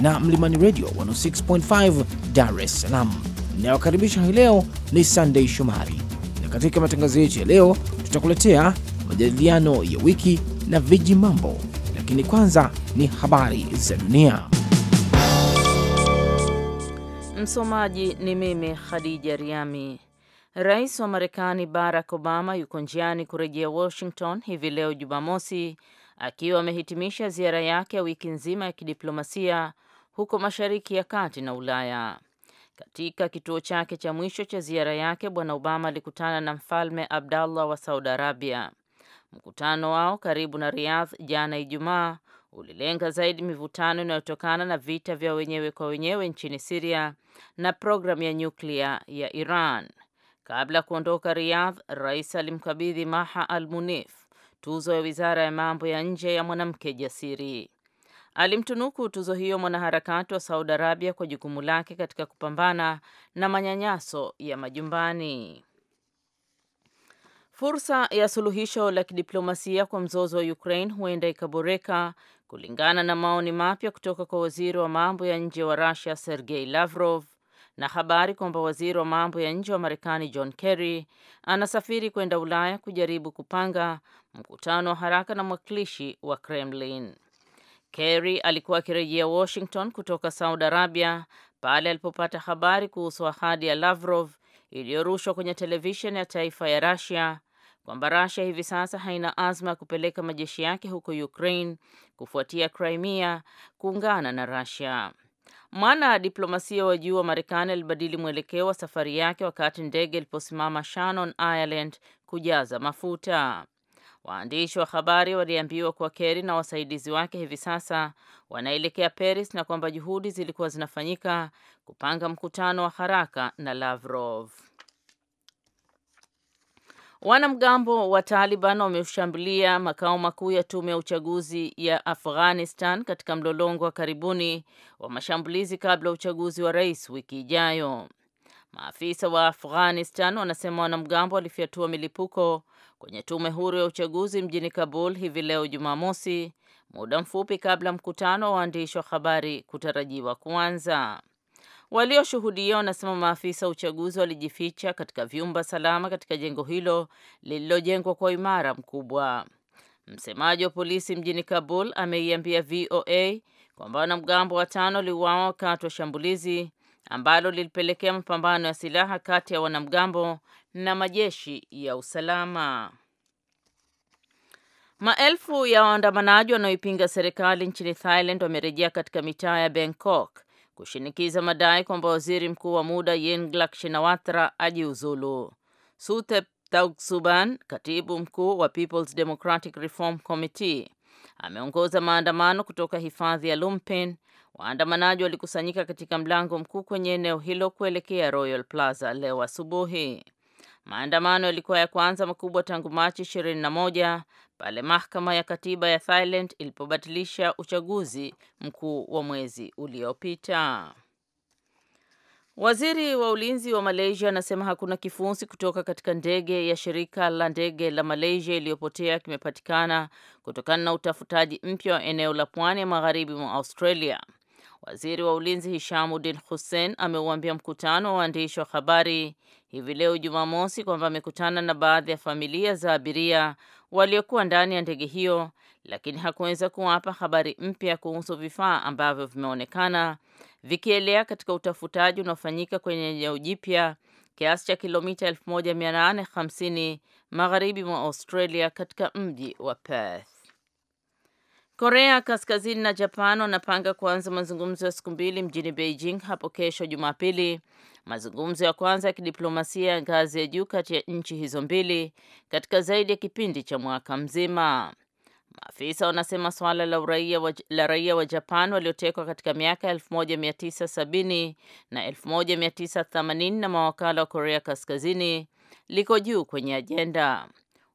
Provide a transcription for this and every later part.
na Mlimani Radio 106.5 Dar es Salaam. Inayokaribisha hii leo ni Sunday Shomari, na katika matangazo yetu ya leo tutakuletea majadiliano ya wiki na viji mambo, lakini kwanza ni habari za dunia. Msomaji ni mimi Khadija Riami. Rais wa Marekani Barack Obama yuko njiani kurejea Washington hivi leo Jumamosi akiwa amehitimisha ziara yake ya wiki nzima ya kidiplomasia huko Mashariki ya Kati na Ulaya. Katika kituo chake cha mwisho cha ziara yake, Bwana Obama alikutana na Mfalme Abdallah wa Saudi Arabia. Mkutano wao karibu na Riyadh jana Ijumaa ulilenga zaidi mivutano inayotokana na vita vya wenyewe kwa wenyewe nchini Siria na programu ya nyuklia ya Iran. Kabla ya kuondoka Riyadh, rais alimkabidhi Maha al-Munif tuzo ya Wizara ya Mambo ya Nje ya mwanamke jasiri. Alimtunuku tuzo hiyo mwanaharakati wa Saudi Arabia kwa jukumu lake katika kupambana na manyanyaso ya majumbani. Fursa ya suluhisho la kidiplomasia kwa mzozo wa Ukraine huenda ikaboreka kulingana na maoni mapya kutoka kwa waziri wa mambo ya nje wa Russia Sergei Lavrov na habari kwamba waziri wa mambo ya nje wa Marekani John Kerry anasafiri kwenda Ulaya kujaribu kupanga mkutano wa haraka na mwakilishi wa Kremlin. Kerry alikuwa akirejea Washington kutoka Saudi Arabia pale alipopata habari kuhusu ahadi ya Lavrov iliyorushwa kwenye televisheni ya taifa ya Russia kwamba Russia hivi sasa haina azma ya kupeleka majeshi yake huko Ukraine kufuatia Crimea kuungana na Russia. Mwana diplomasia wa juu wa Marekani alibadili mwelekeo wa safari yake wakati ndege iliposimama Shannon, Ireland kujaza mafuta. Waandishi wa habari waliambiwa kuwa Kerry na wasaidizi wake hivi sasa wanaelekea Paris na kwamba juhudi zilikuwa zinafanyika kupanga mkutano wa haraka na Lavrov. Wanamgambo wa Taliban wameshambulia makao makuu ya tume ya uchaguzi ya Afghanistan katika mlolongo wa karibuni wa mashambulizi kabla ya uchaguzi wa rais wiki ijayo. Maafisa wa Afghanistan wanasema wanamgambo walifyatua milipuko kwenye tume huru ya uchaguzi mjini Kabul hivi leo Jumamosi, muda mfupi kabla mkutano wa waandishi wa habari kutarajiwa kuanza. Walioshuhudia wanasema maafisa wa uchaguzi walijificha katika vyumba salama katika jengo hilo lililojengwa kwa imara mkubwa. Msemaji wa polisi mjini Kabul ameiambia VOA kwamba wanamgambo watano waliuawa wakati wa shambulizi ambalo lilipelekea mapambano ya silaha kati ya wanamgambo na majeshi ya usalama. Maelfu ya waandamanaji wanaoipinga serikali nchini Thailand wamerejea katika mitaa ya Bangkok kushinikiza madai kwamba waziri mkuu wa muda Yenglak Shinawatra ajiuzulu. Suthep Thaugsuban, katibu mkuu wa People's Democratic Reform Committee, ameongoza maandamano kutoka hifadhi ya Lumpen. Waandamanaji walikusanyika katika mlango mkuu kwenye eneo hilo kuelekea Royal Plaza leo asubuhi. Maandamano yalikuwa ya kwanza makubwa tangu Machi 21 pale mahakama ya katiba ya Thailand ilipobatilisha uchaguzi mkuu wa mwezi uliopita. Waziri wa ulinzi wa Malaysia anasema hakuna kifusi kutoka katika ndege ya shirika la ndege la Malaysia iliyopotea kimepatikana kutokana na utafutaji mpya wa eneo la pwani ya magharibi mwa Australia. Waziri wa ulinzi Hishamudin Hussein ameuambia mkutano wa waandishi wa habari hivi leo Jumamosi kwamba amekutana na baadhi ya familia za abiria waliokuwa ndani ya ndege hiyo, lakini hakuweza kuwapa habari mpya kuhusu vifaa ambavyo vimeonekana vikielea katika utafutaji unaofanyika kwenye eneo jipya kiasi cha kilomita 1850 magharibi mwa Australia katika mji wa Perth. Korea Kaskazini na Japan wanapanga kuanza mazungumzo ya siku mbili mjini Beijing hapo kesho Jumapili, mazungumzo ya kwanza ya kidiplomasia ya ngazi ya juu kati ya nchi hizo mbili katika zaidi ya kipindi cha mwaka mzima. Maafisa wanasema suala la uraia wa, la raia wa Japan waliotekwa katika miaka 1970 na 1980 na mawakala wa Korea Kaskazini liko juu kwenye ajenda.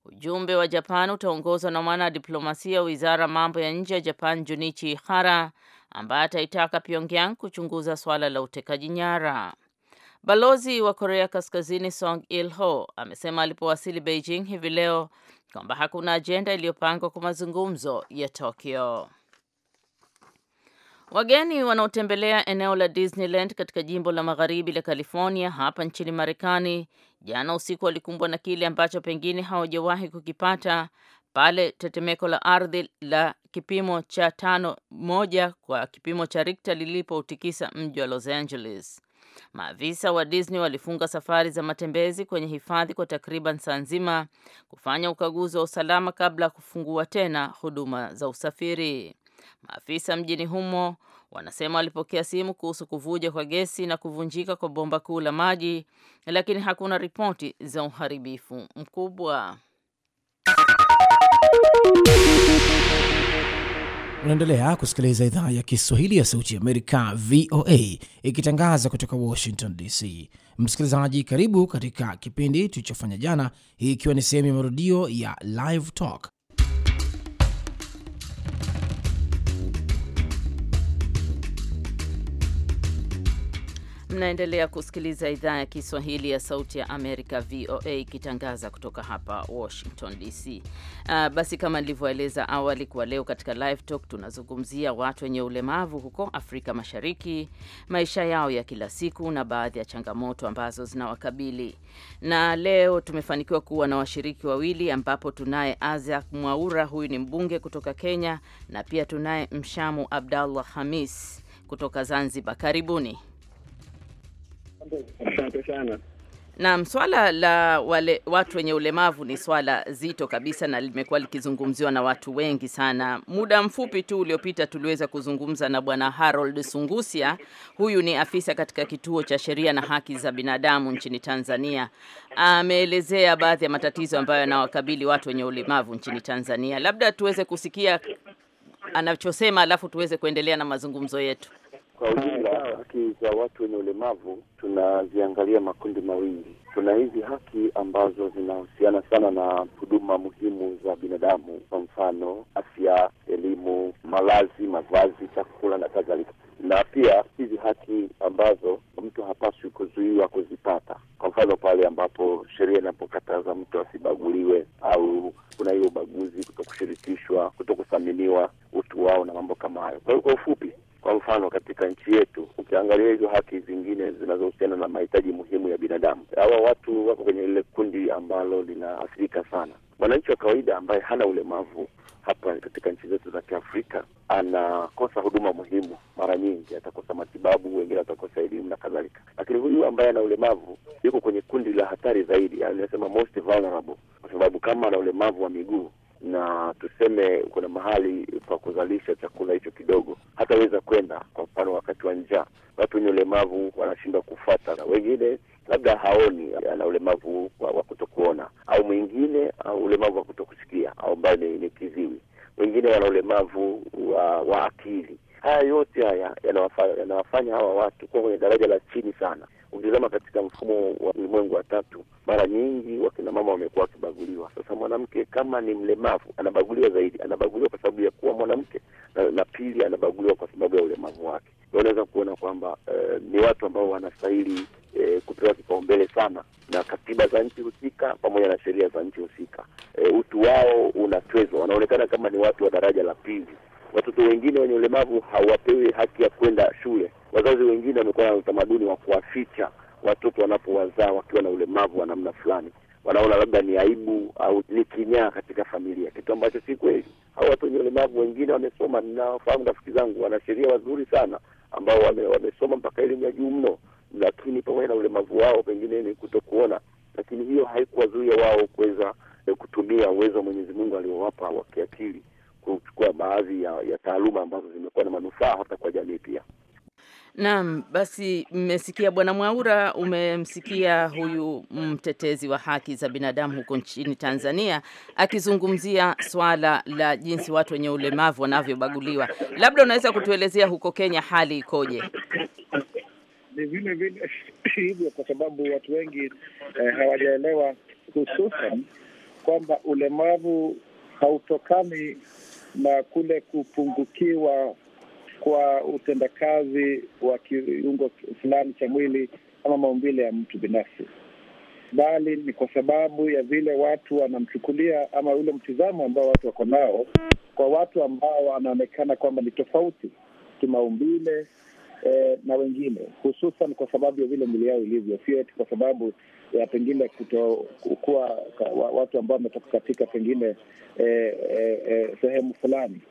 Ujumbe wa Japan utaongozwa na mwanadiplomasia wizara mambo ya nje ya Japan, Junichi Ihara, ambaye ataitaka Pyongyang kuchunguza swala la utekaji nyara. Balozi wa Korea Kaskazini Song Il-ho amesema alipowasili Beijing hivi leo kwamba hakuna ajenda iliyopangwa kwa mazungumzo ya Tokyo. Wageni wanaotembelea eneo la Disneyland katika jimbo la magharibi la California hapa nchini Marekani jana usiku walikumbwa na kile ambacho pengine hawajawahi kukipata pale tetemeko la ardhi la kipimo cha tano moja kwa kipimo cha Richter lilipoutikisa mji wa Los Angeles. Maafisa wa Disney walifunga safari za matembezi kwenye hifadhi kwa takriban saa nzima kufanya ukaguzi wa usalama kabla ya kufungua tena huduma za usafiri. Maafisa mjini humo wanasema walipokea simu kuhusu kuvuja kwa gesi na kuvunjika kwa bomba kuu la maji, lakini hakuna ripoti za uharibifu mkubwa. Unaendelea kusikiliza idhaa ya Kiswahili ya Sauti ya Amerika, VOA, ikitangaza kutoka Washington DC. Msikilizaji, karibu katika kipindi tulichofanya jana, hii ikiwa ni sehemu ya marudio ya Live Talk Mnaendelea kusikiliza idhaa ya Kiswahili ya Sauti ya Amerika, VOA, ikitangaza kutoka hapa Washington DC. Uh, ah, basi kama nilivyoeleza awali, kwa leo katika Live Talk tunazungumzia watu wenye ulemavu huko Afrika Mashariki, maisha yao ya kila siku na baadhi ya changamoto ambazo zinawakabili. Na leo tumefanikiwa kuwa na washiriki wawili, ambapo tunaye Azak Mwaura, huyu ni mbunge kutoka Kenya, na pia tunaye Mshamu Abdallah Hamis kutoka Zanzibar. Karibuni. Asante sana. Naam, swala la wale watu wenye ulemavu ni swala zito kabisa na limekuwa likizungumziwa na watu wengi sana. Muda mfupi tu uliopita tuliweza kuzungumza na Bwana Harold Sungusia, huyu ni afisa katika kituo cha sheria na haki za binadamu nchini Tanzania. Ameelezea baadhi ya matatizo ambayo yanawakabili watu wenye ulemavu nchini Tanzania. Labda tuweze kusikia anachosema, alafu tuweze kuendelea na mazungumzo yetu. Kwa ujumla haki za watu wenye ulemavu tunaziangalia makundi mawili. Tuna hizi haki ambazo zinahusiana sana na huduma muhimu za binadamu, kwa mfano afya, elimu, malazi, mavazi, chakula na kadhalika, na pia hizi haki ambazo mtu hapaswi kuzuiwa kuzipata, kwa mfano pale ambapo sheria inapokataza mtu asibaguliwe au kuna hiyo ubaguzi, kuto kushirikishwa, kuto kuthaminiwa utu wao na mambo kama hayo. Kwa hiyo kwa ufupi kwa mfano katika nchi yetu, ukiangalia hizo haki zingine zinazohusiana na mahitaji muhimu ya binadamu, hawa watu wako kwenye lile kundi ambalo linaathirika sana. Mwananchi wa kawaida ambaye hana ulemavu hapa katika nchi zetu za Kiafrika anakosa huduma muhimu, mara nyingi atakosa matibabu, wengine watakosa elimu na kadhalika. Lakini huyu ambaye ana ulemavu yuko kwenye kundi la hatari zaidi, anasema most vulnerable, kwa sababu kama ana ulemavu wa miguu na tuseme kuna mahali pa kuzalisha chakula hicho kidogo, hataweza kwenda. Kwa mfano, wakati wa njaa, watu wenye ulemavu wanashindwa kufata, wengine labda haoni, ana ulemavu wa, wa kutokuona, au mwingine au ulemavu wa kutokusikia au ambayo ni, ni kiziwi, wengine wana ulemavu wa, wa akili. Haya yote haya yanawafanya hawa watu kuwa kwenye daraja la chini sana, Ukitizama katika mfumo wa ulimwengu wa tatu, mara nyingi wakinamama wamekuwa wakibaguliwa. Sasa mwanamke kama ni mlemavu anabaguliwa zaidi, anabaguliwa kwa sababu ya kuwa mwanamke na, na pili anabaguliwa kwa sababu ya ulemavu wake. Unaweza kuona kwamba eh, ni watu ambao wanastahili eh, kupewa kipaumbele sana na katiba za nchi husika pamoja na sheria za nchi husika. Eh, utu wao unatwezwa, wanaonekana kama ni watu wa daraja la pili. Watoto wengine wenye ulemavu hawapewi haki ya kwenda shule Wazazi wengine wamekuwa na utamaduni wa kuwaficha watoto wanapowazaa wakiwa na ulemavu wa namna fulani, wanaona labda ni aibu au ni kinyaa katika familia, kitu ambacho si kweli. Hao watu wenye ulemavu wengine wamesoma, ninawafahamu rafiki zangu, wanasheria wazuri sana ambao wame, wamesoma mpaka elimu ya juu mno, lakini pamoja na ulemavu wao pengine ni kutokuona, lakini hiyo haikuwazuia wao kuweza eh, kutumia uwezo wa Mwenyezi Mungu aliowapa wa kiakili kuchukua baadhi ya, ya taaluma ambazo zimekuwa na manufaa hata kwa jamii pia. Naam, basi mmesikia Bwana Mwaura, umemsikia huyu mtetezi wa haki za binadamu huko nchini Tanzania akizungumzia swala la jinsi watu wenye ulemavu wanavyobaguliwa. Labda unaweza kutuelezea huko Kenya hali ikoje? Ni vile vile hivyo, kwa sababu watu wengi eh, hawajaelewa hususan kwamba ulemavu hautokani na kule kupungukiwa kwa utendakazi wa kiungo fulani cha mwili ama maumbile ya mtu binafsi, bali ni kwa sababu ya vile watu wanamchukulia ama ule mtizamo ambao watu wako nao kwa watu ambao wanaonekana kwamba ni tofauti kimaumbile eh, na wengine, hususan kwa sababu ya vile mwili yao ilivyo, sio eti kwa sababu ya pengine kutokuwa watu ambao wametoka katika pengine eh, eh, eh, sehemu fulani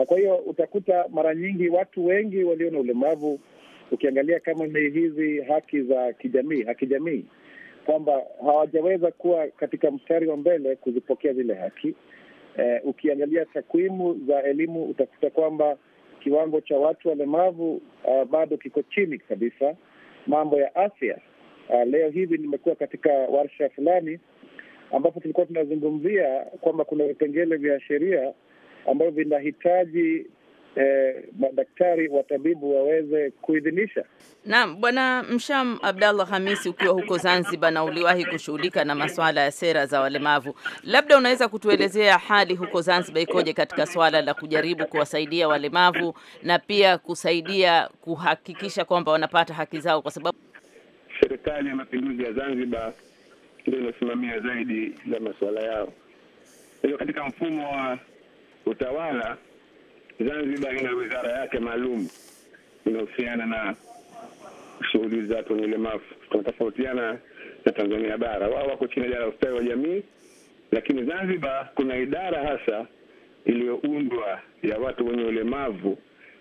na kwa hiyo utakuta mara nyingi watu wengi walio na ulemavu, ukiangalia kama ni hizi haki za kijamii, haki jamii, kwamba hawajaweza kuwa katika mstari wa mbele kuzipokea zile haki. Eh, ukiangalia takwimu za elimu utakuta kwamba kiwango cha watu walemavu uh, bado kiko chini kabisa. Mambo ya afya uh, leo hivi nimekuwa katika warsha fulani ambapo tulikuwa tunazungumzia kwamba kuna vipengele vya sheria ambayo vinahitaji eh, madaktari watabibu waweze kuidhinisha. Naam, Bwana Msham Abdallah Hamisi, ukiwa huko Zanzibar na uliwahi kushughulika na masuala ya sera za walemavu, labda unaweza kutuelezea hali huko Zanzibar ikoje katika swala la kujaribu kuwasaidia walemavu na pia kusaidia kuhakikisha kwamba wanapata haki zao, kwa sababu serikali ya mapinduzi ya Zanzibar ndio inasimamia zaidi za masuala yao. Kwa hiyo katika mfumo wa utawala, Zanzibar ina wizara yake maalum inahusiana na shughuli za watu wenye ulemavu. Tunatofautiana na Tanzania bara, wao wako chini ya idara ya ustawi wa jamii, lakini Zanzibar kuna idara hasa iliyoundwa ya watu wenye ulemavu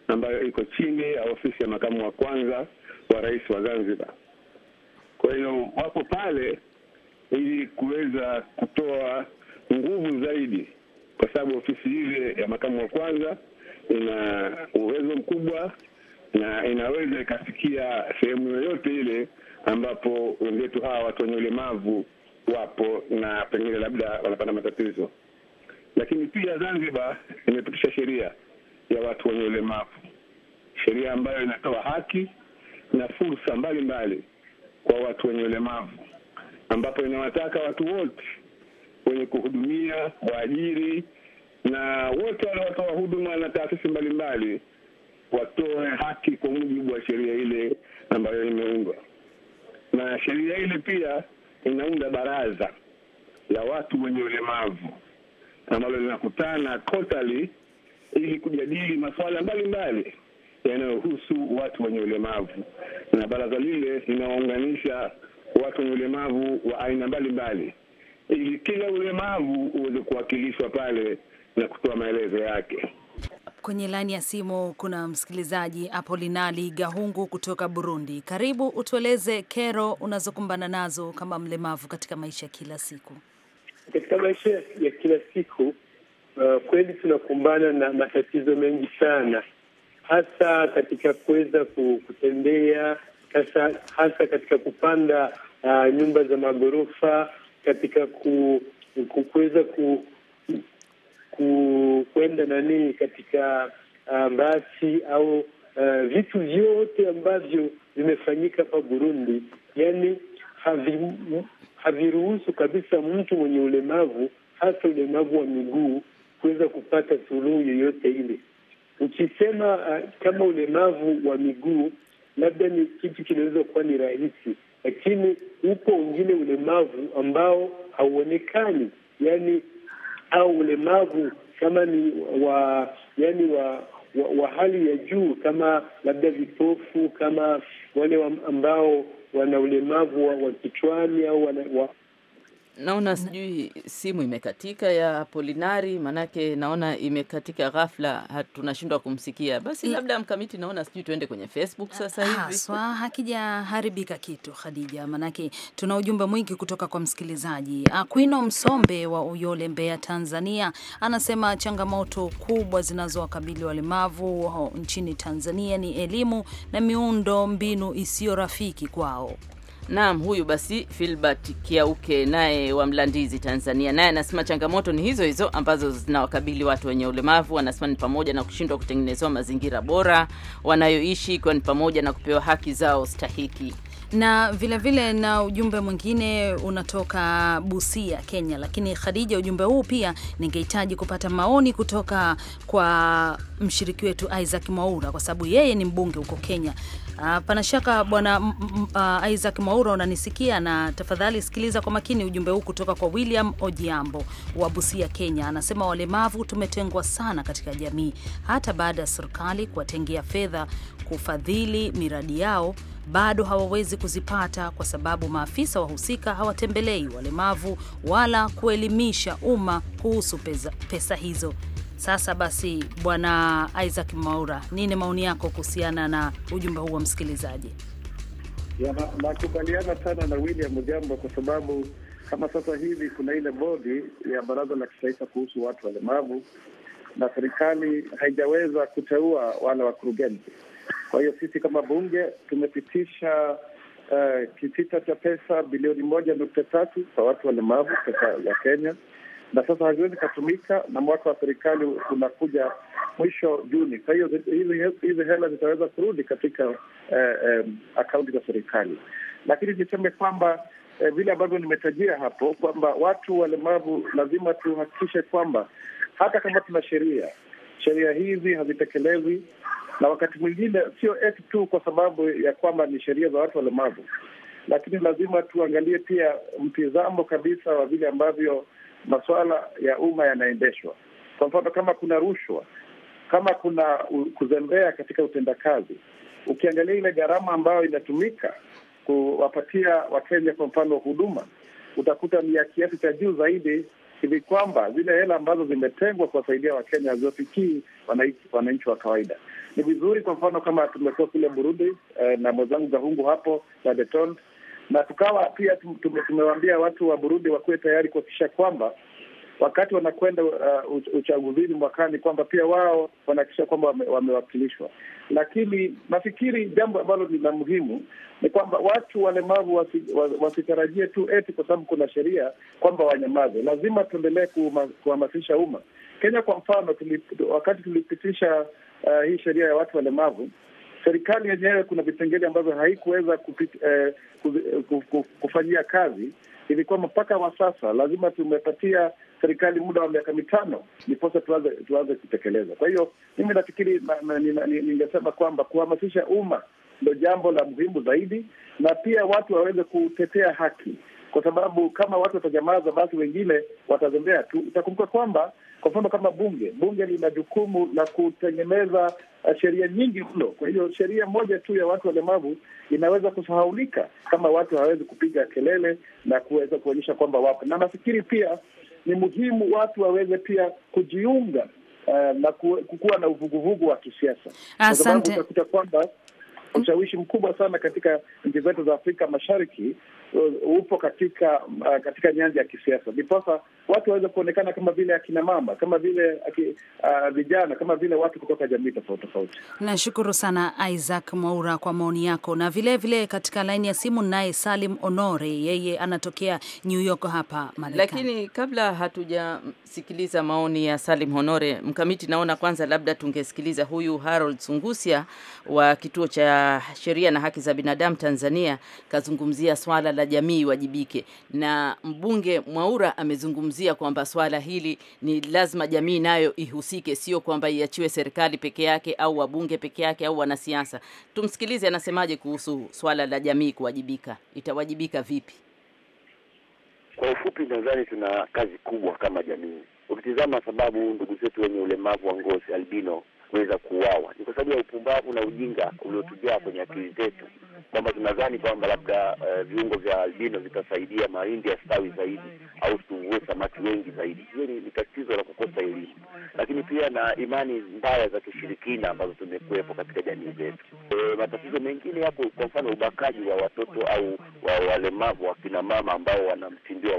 ambayo iko chini ya ofisi ya makamu wa kwanza wa rais wa Zanzibar. Kwa hiyo wapo pale ili kuweza kutoa nguvu zaidi kwa sababu ofisi ile ya makamu wa kwanza ina uwezo mkubwa na inaweza ikafikia sehemu yoyote ile ambapo wenzetu hawa watu wenye ulemavu wapo na pengine labda wanapata matatizo. Lakini pia Zanzibar imepitisha sheria ya watu wenye ulemavu, sheria ambayo inatoa haki na fursa mbalimbali kwa watu wenye ulemavu, ambapo inawataka watu wote wenye kuhudumia waajiri na wote wanaotoa huduma na taasisi mbalimbali watoe haki kwa mujibu wa sheria ile ambayo imeundwa. Na sheria ile pia inaunda baraza la watu wenye ulemavu ambalo linakutana kotali ili kujadili masuala mbalimbali yanayohusu watu wenye ulemavu, na baraza lile linawaunganisha watu wenye ulemavu wa aina mbalimbali Eh, kila ulemavu uweze kuwakilishwa pale na kutoa maelezo yake. Kwenye laini ya simu kuna msikilizaji Apolinali Gahungu kutoka Burundi. Karibu, utueleze kero unazokumbana nazo kama mlemavu katika maisha ya kila siku. Katika maisha ya kila siku uh, kweli tunakumbana na matatizo mengi sana, hasa katika kuweza kutembea, hasa, hasa katika kupanda uh, nyumba za maghorofa katika ku, kuweza ku, ku, kuenda nani katika uh, basi au uh, vitu vyote ambavyo vimefanyika hapa Burundi, yani haviruhusu kabisa mtu mwenye ulemavu hasa ulemavu wa miguu kuweza kupata suluhu yoyote ile. Ukisema uh, kama ulemavu wa miguu, labda ni kitu kinaweza kuwa ni rahisi lakini upo wengine ulemavu ambao hauonekani, yani au ulemavu kama ni wa yani wa, wa, wa hali ya juu, kama labda vipofu, kama wale ambao wana ulemavu wa, wa kichwani au wana, wa, Naona sijui simu imekatika ya Polinari, manake naona imekatika ghafla, tunashindwa kumsikia. Basi labda mkamiti, naona sijui tuende kwenye Facebook sasa ah, hivi haswa, hakija haribika kitu Khadija, manake tuna ujumbe mwingi kutoka kwa msikilizaji Akwino Msombe wa Uyole, Mbeya, Tanzania, anasema changamoto kubwa zinazowakabili walemavu nchini Tanzania ni elimu na miundo mbinu isiyo rafiki kwao. Naam, huyu basi Filbert Kiauke naye wa Mlandizi, Tanzania, naye anasema changamoto ni hizo hizo ambazo zinawakabili watu wenye ulemavu. Anasema ni pamoja na kushindwa kutengenezewa mazingira bora wanayoishi, ikiwa ni pamoja na kupewa haki zao stahiki na vilevile vile na ujumbe mwingine unatoka Busia, Kenya. Lakini Khadija, ujumbe huu pia ningehitaji kupata maoni kutoka kwa mshiriki wetu Isaac Mwaura kwa sababu yeye ni mbunge huko Kenya. Ah, pana shaka bwana uh, Isaac Mwaura unanisikia, na tafadhali sikiliza kwa makini ujumbe huu kutoka kwa William Ojiambo wa Busia, Kenya. Anasema walemavu tumetengwa sana katika jamii, hata baada ya serikali kuwatengea fedha kufadhili miradi yao bado hawawezi kuzipata kwa sababu maafisa wahusika hawatembelei walemavu wala kuelimisha umma kuhusu pesa, pesa hizo. Sasa basi, Bwana Isaac Maura, nini maoni yako kuhusiana na ujumbe huu wa msikilizaji? Nakubaliana na sana na William Jambo kwa sababu kama sasa hivi kuna ile bodi ya baraza la kitaifa kuhusu watu walemavu na serikali haijaweza kuteua wale wakurugenzi kwa hiyo sisi kama bunge tumepitisha uh, eh, kitita cha pesa bilioni moja nukta tatu kwa watu walemavu, pesa ya Kenya, na sasa haziwezi ikatumika na mwaka wa serikali unakuja mwisho Juni. Kwa hiyo hizi hela zitaweza kurudi katika uh, um, akaunti za serikali, lakini niseme kwamba vile ambavyo nimetajia hapo kwamba watu walemavu lazima tuhakikishe kwamba hata kama tuna sheria sheria hizi hazitekelezwi, na wakati mwingine sio eti tu kwa sababu ya kwamba ni sheria za watu walemavu, lakini lazima tuangalie pia mtizamo kabisa wa vile ambavyo masuala ya umma yanaendeshwa. Kwa mfano, kama kuna rushwa, kama kuna kuzembea katika utendakazi, ukiangalia ile gharama ambayo inatumika kuwapatia Wakenya kwa mfano huduma, utakuta ni ya kiasi cha juu zaidi hivi kwamba zile hela ambazo zimetengwa kuwasaidia Wakenya haziwafikii wananchi wa kawaida. Ni vizuri kwa mfano kama tumekuwa kule Burundi eh, na mwenzangu Gahungu hapo na Deton, na tukawa pia tumewaambia watu wa Burundi wakuwe tayari kuhakikisha kwamba wakati wanakwenda uh, uchaguzini mwakani kwamba pia wao wanahakikisha kwamba wamewakilishwa lakini nafikiri jambo ambalo ni la muhimu ni kwamba watu walemavu wasi, wasitarajie tu eti kwa sababu kuna sheria kwamba wanyamaze. Lazima tuendelee kuhamasisha umma. Kenya kwa mfano, tuli, wakati tulipitisha uh, hii sheria ya watu walemavu serikali yenyewe kuna vipengele ambavyo haikuweza eh, kufanyia kazi hivi kwamba mpaka wa sasa lazima tumepatia serikali muda wa miaka mitano niposa tuanze tuanze kutekeleza. Kwa hiyo mimi nafikiri ningesema kwamba kuhamasisha umma ndo jambo la muhimu zaidi, na pia watu waweze kutetea haki, kwa sababu kama watu watanyamaza, basi wengine watazembea tu. Utakumbuka kwamba kwa mfano kama bunge, bunge lina jukumu la kutengeneza eh, sheria nyingi mno. Kwa hiyo sheria moja tu ya watu walemavu inaweza kusahaulika kama watu hawawezi kupiga kelele na kuweza kuonyesha kwamba wapo, na nafikiri pia ni muhimu watu waweze pia kujiunga uh, na kukuwa na uvuguvugu wa kisiasa, kwa sababu utakuta kwamba ushawishi mkubwa sana katika nchi zetu za Afrika Mashariki eh, upo katika uh, katika nyanja ya kisiasa ndiposa watu waweze kuonekana kama vile akina mama, kama vile ah, vijana, uh, kama vile watu kutoka jamii tofauti tofauti. Nashukuru sana Isaac Mwaura kwa maoni yako, na vilevile vile katika laini ya simu naye Salim Honore, yeye anatokea New York hapa Marekani. Lakini kabla hatujasikiliza maoni ya Salim Honore Mkamiti, naona kwanza labda tungesikiliza huyu Harold Sungusia wa kituo cha sheria na haki za binadamu Tanzania, kazungumzia swala la jamii wajibike, na mbunge Mwaura amezungumzia kuzungumzia kwamba swala hili ni lazima jamii nayo ihusike, sio kwamba iachiwe serikali peke yake au wabunge peke yake au wanasiasa. Tumsikilize anasemaje kuhusu swala la jamii kuwajibika, itawajibika vipi? Kwa ufupi, nadhani tuna kazi kubwa kama jamii. Ukitizama sababu ndugu zetu wenye ulemavu wa ngozi albino kuweza kuuawa, ni kwa sababu ya upumbavu na ujinga uliotujaa kwenye akili zetu, kwamba tunadhani kwamba labda uh, viungo vya albino vitasaidia mahindi yastawi zaidi au tuvue samaki wengi zaidi. Hiyo ni, ni tatizo la kukosa elimu, lakini pia na imani mbaya za kishirikina ambazo tumekuwepo katika jamii zetu. E, matatizo mengine yapo, kwa mfano ubakaji wa watoto au wa walemavu, wakinamama ambao wana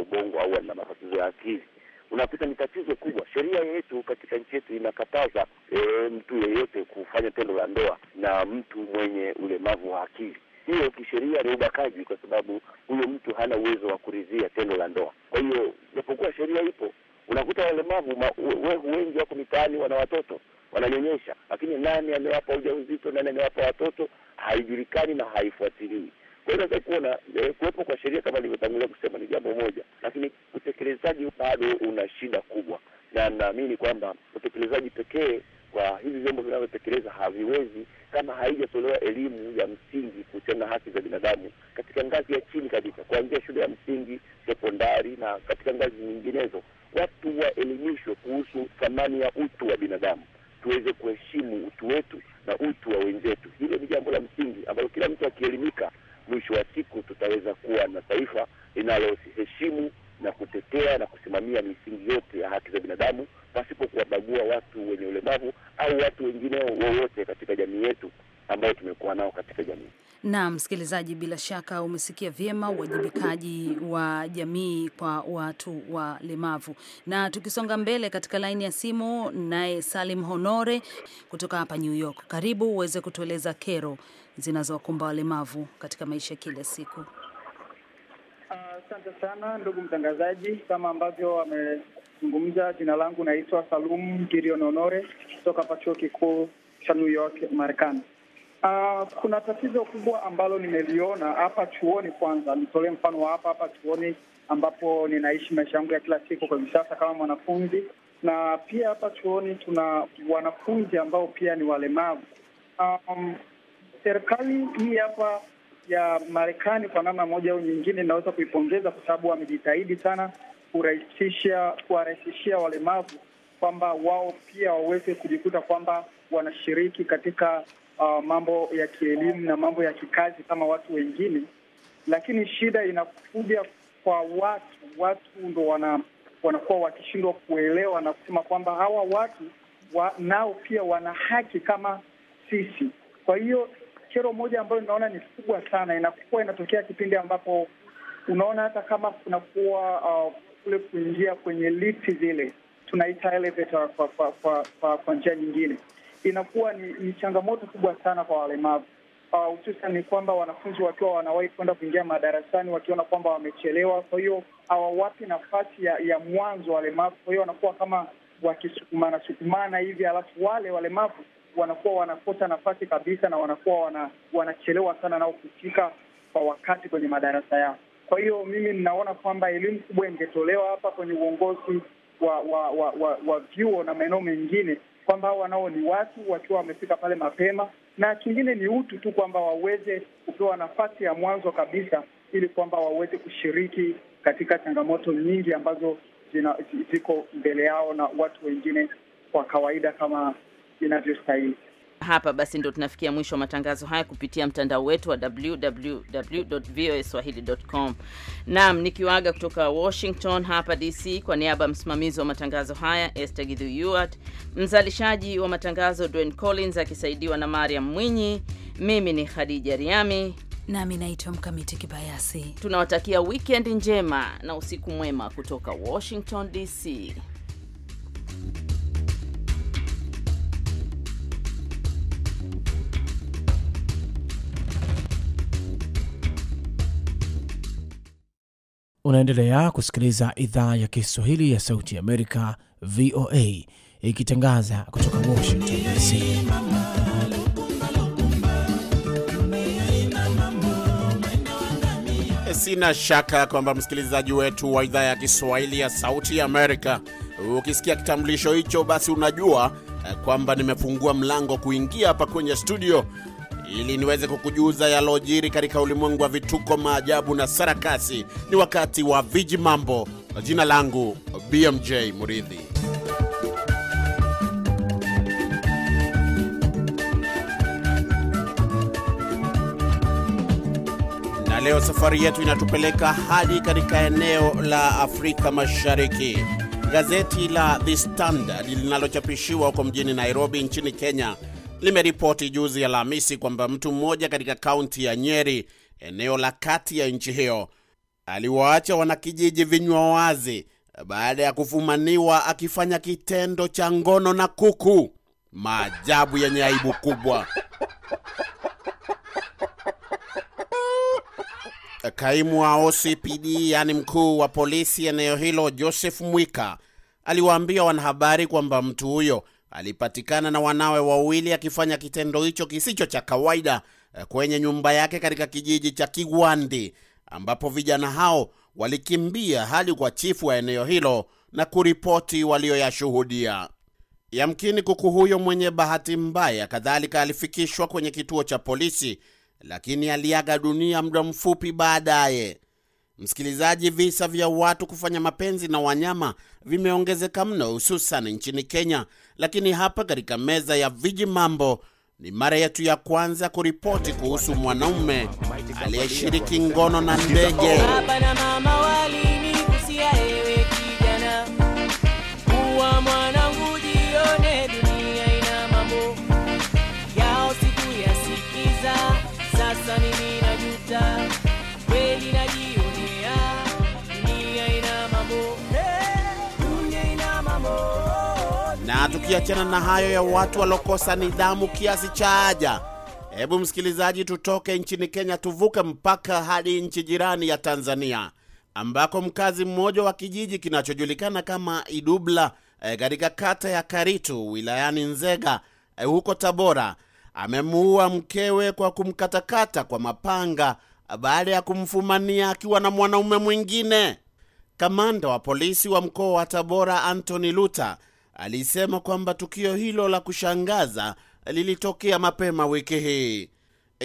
ubongo au wana matatizo ya akili unakuta ni tatizo kubwa. Sheria yetu katika nchi yetu inakataza e, mtu yeyote kufanya tendo la ndoa na mtu mwenye ulemavu wa akili. Hiyo kisheria ni ubakaji, kwa sababu huyo mtu hana uwezo wa kuridhia tendo la ndoa. Kwa hiyo japokuwa sheria ipo, unakuta walemavu wengi wako mitaani, wana watoto wananyonyesha, lakini nani amewapa ujauzito, nani amewapa watoto, haijulikani na haifuatiliwi. Kwa hiyo naweza kuona e, kuwepo kwa sheria kama nilivyotangulia kusema ni jambo moja, lakini utekelezaji bado una shida kubwa, na naamini kwamba utekelezaji pekee kwa hivi vyombo vinavyotekeleza haviwezi kama haijatolewa elimu ya msingi kuhusiana na haki za binadamu katika ngazi ya chini kabisa, kuanzia shule ya msingi, sekondari na katika ngazi nyinginezo, watu waelimishwe kuhusu thamani ya utu wa binadamu, tuweze kuheshimu utu wetu na utu wa wenzetu. Hilo ni jambo la msingi ambalo kila mtu akielimika mwisho wa siku tutaweza kuwa na taifa linaloheshimu na kutetea na kusimamia misingi yote ya haki za binadamu pasipo kuwabagua watu wenye ulemavu au watu wengine wowote katika jamii yetu ambayo tumekuwa nao katika jamii. Na msikilizaji, bila shaka umesikia vyema uwajibikaji wa jamii kwa watu walemavu. Na tukisonga mbele katika laini ya simu, naye Salim Honore kutoka hapa New York, karibu uweze kutueleza kero zinazowakumba walemavu katika maisha kila siku? Asante uh, sana ndugu mtangazaji, kama ambavyo amezungumza, jina langu naitwa Salum Girion Honore kutoka hapa chuo kikuu cha New York Marekani. Uh, kuna tatizo kubwa ambalo nimeliona hapa chuoni. Kwanza nitolee mfano wa hapa hapa chuoni ambapo ninaishi maisha yangu ya kila siku kwa hivi sasa kama mwanafunzi, na pia hapa chuoni tuna wanafunzi ambao pia ni walemavu. Um, serikali hii hapa ya Marekani kwa namna moja au nyingine inaweza kuipongeza kwa sababu wamejitahidi sana kurahisisha kuwarahisishia walemavu kwamba wao pia waweze kujikuta kwamba wanashiriki katika uh, mambo ya kielimu na mambo ya kikazi kama watu wengine, lakini shida inakuja kwa watu. Watu ndo wana, wanakuwa wakishindwa kuelewa na kusema kwamba hawa watu wa, nao pia wana haki kama sisi. Kwa hiyo kero moja ambayo inaona ni kubwa sana inakuwa inatokea kipindi ambapo unaona hata kama kunakuwa uh, kule uh, kuingia kwenye lifti zile tunaita elevator kwa kwa, kwa, kwa, kwa njia nyingine inakuwa ni, ni changamoto kubwa sana kwa walemavu uh, hususan uh, kwamba wanafunzi wakiwa wanawahi kwenda kuingia madarasani wakiona kwamba wamechelewa, kwa hiyo hawawapi nafasi ya, ya mwanzo walemavu, kwa hiyo wanakuwa kama wakisukumana sukumana hivi, alafu wale walemavu wanakuwa wanakosa nafasi kabisa na wanakuwa wana, wanachelewa sana nao kufika kwa wakati kwenye madarasa yao. Kwa hiyo mimi ninaona kwamba elimu kubwa ingetolewa hapa kwenye uongozi wa wa wa, wa, wa vyuo na maeneo mengine kwamba hao wanao ni watu wakiwa wamefika pale mapema, na kingine ni utu tu kwamba waweze kupewa nafasi ya mwanzo kabisa ili kwamba waweze kushiriki katika changamoto nyingi ambazo ziko mbele yao na watu wengine kwa kawaida kama inavyostahili. Hapa basi ndo tunafikia mwisho wa matangazo haya kupitia mtandao wetu wa www.voaswahili.com. nam nikiwaga kutoka Washington hapa DC, kwa niaba ya msimamizi wa matangazo haya Esther Githyuart, mzalishaji wa matangazo Dwayne Collins akisaidiwa na Mariam Mwinyi, mimi ni Khadija Riami nami naitwa Mkamiti Kibayasi. Tunawatakia wikend njema na usiku mwema kutoka Washington DC. Unaendelea kusikiliza idhaa ya Kiswahili ya Sauti Amerika, VOA, ikitangaza kutoka Washington DC. Sina shaka kwamba msikilizaji wetu wa idhaa ya Kiswahili ya Sauti ya Amerika, ukisikia kitambulisho hicho, basi unajua eh, kwamba nimefungua mlango kuingia hapa kwenye studio ili niweze kukujuza yalojiri katika ulimwengu wa vituko, maajabu na sarakasi. Ni wakati wa viji mambo. Jina langu BMJ Muridhi. Na leo safari yetu inatupeleka hadi katika eneo la Afrika Mashariki. Gazeti la The Standard linalochapishiwa huko mjini Nairobi nchini Kenya limeripoti juzi Alhamisi kwamba mtu mmoja katika kaunti ya Nyeri, eneo la kati ya nchi hiyo, aliwaacha wanakijiji vinywa wazi baada ya kufumaniwa akifanya kitendo cha ngono na kuku. Maajabu yenye aibu kubwa. Kaimu wa OCPD yaani mkuu wa polisi eneo hilo Joseph Mwika aliwaambia wanahabari kwamba mtu huyo alipatikana na wanawe wawili akifanya kitendo hicho kisicho cha kawaida eh, kwenye nyumba yake katika kijiji cha Kigwandi, ambapo vijana hao walikimbia hali kwa chifu wa eneo hilo na kuripoti walioyashuhudia. Yamkini kuku huyo mwenye bahati mbaya kadhalika alifikishwa kwenye kituo cha polisi, lakini aliaga dunia muda mfupi baadaye. Msikilizaji, visa vya watu kufanya mapenzi na wanyama vimeongezeka mno, hususan nchini Kenya, lakini hapa katika meza ya viji mambo ni mara yetu ya kwanza kuripoti kuhusu mwanaume aliyeshiriki ngono na ndege. tukiachana na hayo ya watu walokosa nidhamu kiasi cha haja, hebu msikilizaji, tutoke nchini Kenya tuvuke mpaka hadi nchi jirani ya Tanzania ambako mkazi mmoja wa kijiji kinachojulikana kama Idubla eh, katika e, kata ya Karitu wilayani Nzega e, huko Tabora amemuua mkewe kwa kumkatakata kwa mapanga eh, baada ya kumfumania akiwa na mwanaume mwingine. Kamanda wa polisi wa mkoa wa Tabora antony luter alisema kwamba tukio hilo la kushangaza lilitokea mapema wiki hii.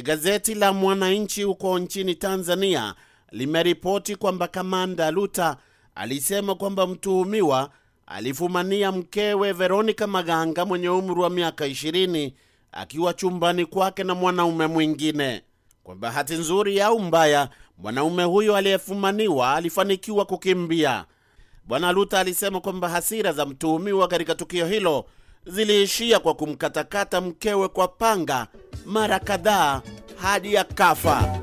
Gazeti la Mwananchi huko nchini Tanzania limeripoti kwamba Kamanda Luta alisema kwamba mtuhumiwa alifumania mkewe Veronica Maganga mwenye umri wa miaka 20 akiwa chumbani kwake na mwanaume mwingine. Kwa bahati nzuri au mbaya, mwanaume huyo aliyefumaniwa alifanikiwa kukimbia. Bwana Luta alisema kwamba hasira za mtuhumiwa katika tukio hilo ziliishia kwa kumkatakata mkewe kwa panga mara kadhaa hadi akafa.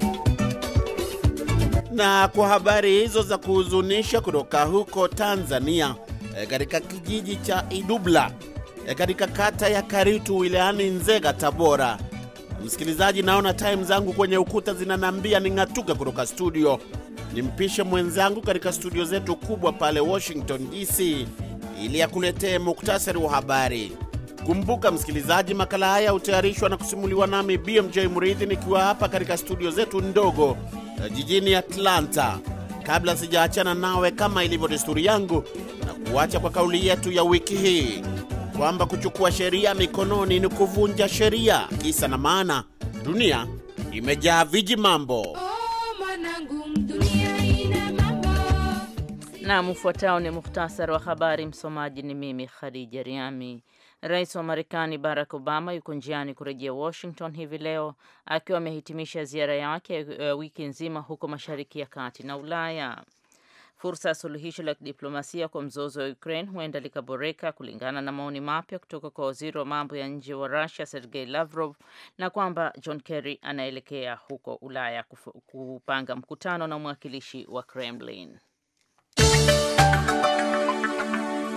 Na kwa habari hizo za kuhuzunisha kutoka huko Tanzania, e, katika kijiji cha Idubla e, katika kata ya Karitu wilayani Nzega, Tabora. Msikilizaji, naona time zangu kwenye ukuta zinanambia ning'atuke kutoka studio nimpishe mwenzangu katika studio zetu kubwa pale Washington DC ili akuletee muktasari wa habari. Kumbuka msikilizaji, makala haya hutayarishwa na kusimuliwa nami BMJ Murithi nikiwa hapa katika studio zetu ndogo eh, jijini Atlanta. Kabla sijaachana nawe, kama ilivyo desturi yangu, na kuacha kwa kauli yetu ya wiki hii kwamba kuchukua sheria mikononi ni kuvunja sheria. Kisa na maana, dunia imejaa viji mambo. Na ufuatao ni muhtasari wa habari. Msomaji ni mimi Khadija Riami. Rais wa Marekani Barack Obama yuko njiani kurejea Washington hivi leo akiwa amehitimisha ziara yake ya eh, wiki nzima huko Mashariki ya Kati na Ulaya. Fursa ya suluhisho la kidiplomasia kwa mzozo wa Ukraine huenda likaboreka kulingana na maoni mapya kutoka kwa waziri wa mambo ya nje wa Russia Sergei Lavrov, na kwamba John Kerry anaelekea huko Ulaya kupanga mkutano na mwakilishi wa Kremlin.